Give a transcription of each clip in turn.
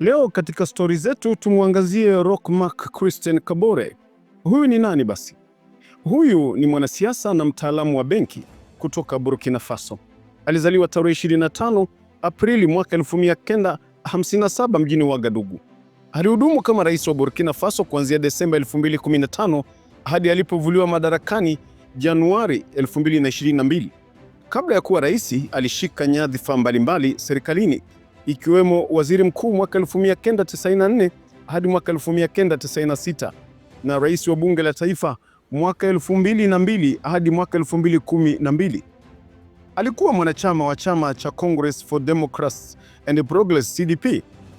Leo katika stori zetu tumwangazie Roch Marc Christian Kabore. Huyu ni nani basi? Huyu ni mwanasiasa na mtaalamu wa benki kutoka Burkina Faso. Alizaliwa tarehe 25 Aprili mwaka 1957 mjini Wagadugu. Alihudumu kama rais wa Burkina Faso kuanzia Desemba 2015 hadi alipovuliwa madarakani Januari 2022. Kabla ya kuwa rais, alishika nyadhifa mbalimbali serikalini ikiwemo waziri mkuu mwaka 1994 hadi mwaka 1996 na rais wa bunge la taifa mwaka 2002 hadi mwaka 2012. Alikuwa mwanachama wa chama cha Congress for Democracy and Progress CDP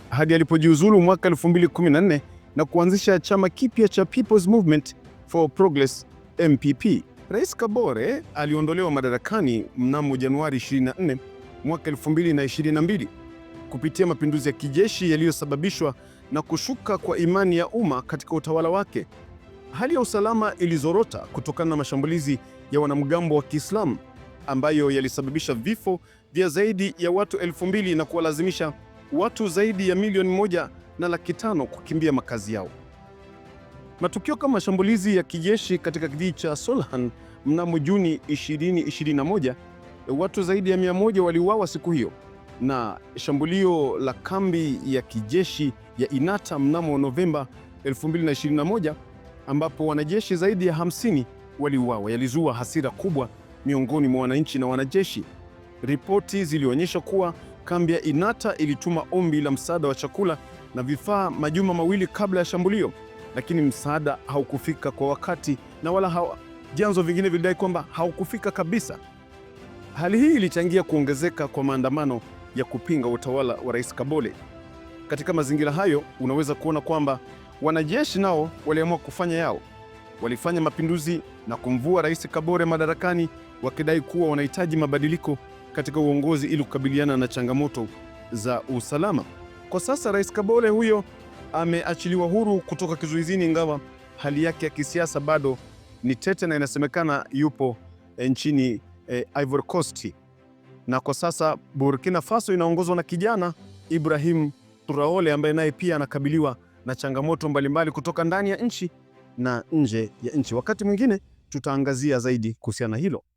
hadi alipojiuzulu mwaka 2014 na kuanzisha chama kipya cha People's Movement for Progress MPP. Rais Kabore aliondolewa madarakani mnamo Januari 24 mwaka 2022 kupitia mapinduzi ya kijeshi yaliyosababishwa na kushuka kwa imani ya umma katika utawala wake. Hali ya usalama ilizorota kutokana na mashambulizi ya wanamgambo wa Kiislamu ambayo yalisababisha vifo vya zaidi ya watu elfu mbili na kuwalazimisha watu zaidi ya milioni moja na laki tano kukimbia makazi yao. Matukio kama mashambulizi ya kijeshi katika kijiji cha Solhan mnamo Juni 2021, watu zaidi ya mia moja waliuawa siku hiyo na shambulio la kambi ya kijeshi ya Inata mnamo Novemba 2021 ambapo wanajeshi zaidi ya 50 waliuawa yalizua hasira kubwa miongoni mwa wananchi na wanajeshi. Ripoti zilionyesha kuwa kambi ya Inata ilituma ombi la msaada wa chakula na vifaa majuma mawili kabla ya shambulio, lakini msaada haukufika kwa wakati na wala hawa. Vyanzo vingine vilidai kwamba haukufika kabisa. Hali hii ilichangia kuongezeka kwa maandamano ya kupinga utawala wa Rais Kabore. Katika mazingira hayo, unaweza kuona kwamba wanajeshi nao waliamua kufanya yao. Walifanya mapinduzi na kumvua Rais Kabore madarakani, wakidai kuwa wanahitaji mabadiliko katika uongozi ili kukabiliana na changamoto za usalama. Kwa sasa Rais Kabore huyo ameachiliwa huru kutoka kizuizini, ingawa hali yake ya kisiasa bado ni tete na inasemekana yupo eh, nchini eh, Ivory Coast na kwa sasa Burkina Faso inaongozwa na kijana Ibrahim Traore ambaye naye pia anakabiliwa na changamoto mbalimbali kutoka ndani ya nchi na nje ya nchi. Wakati mwingine tutaangazia zaidi kuhusiana hilo.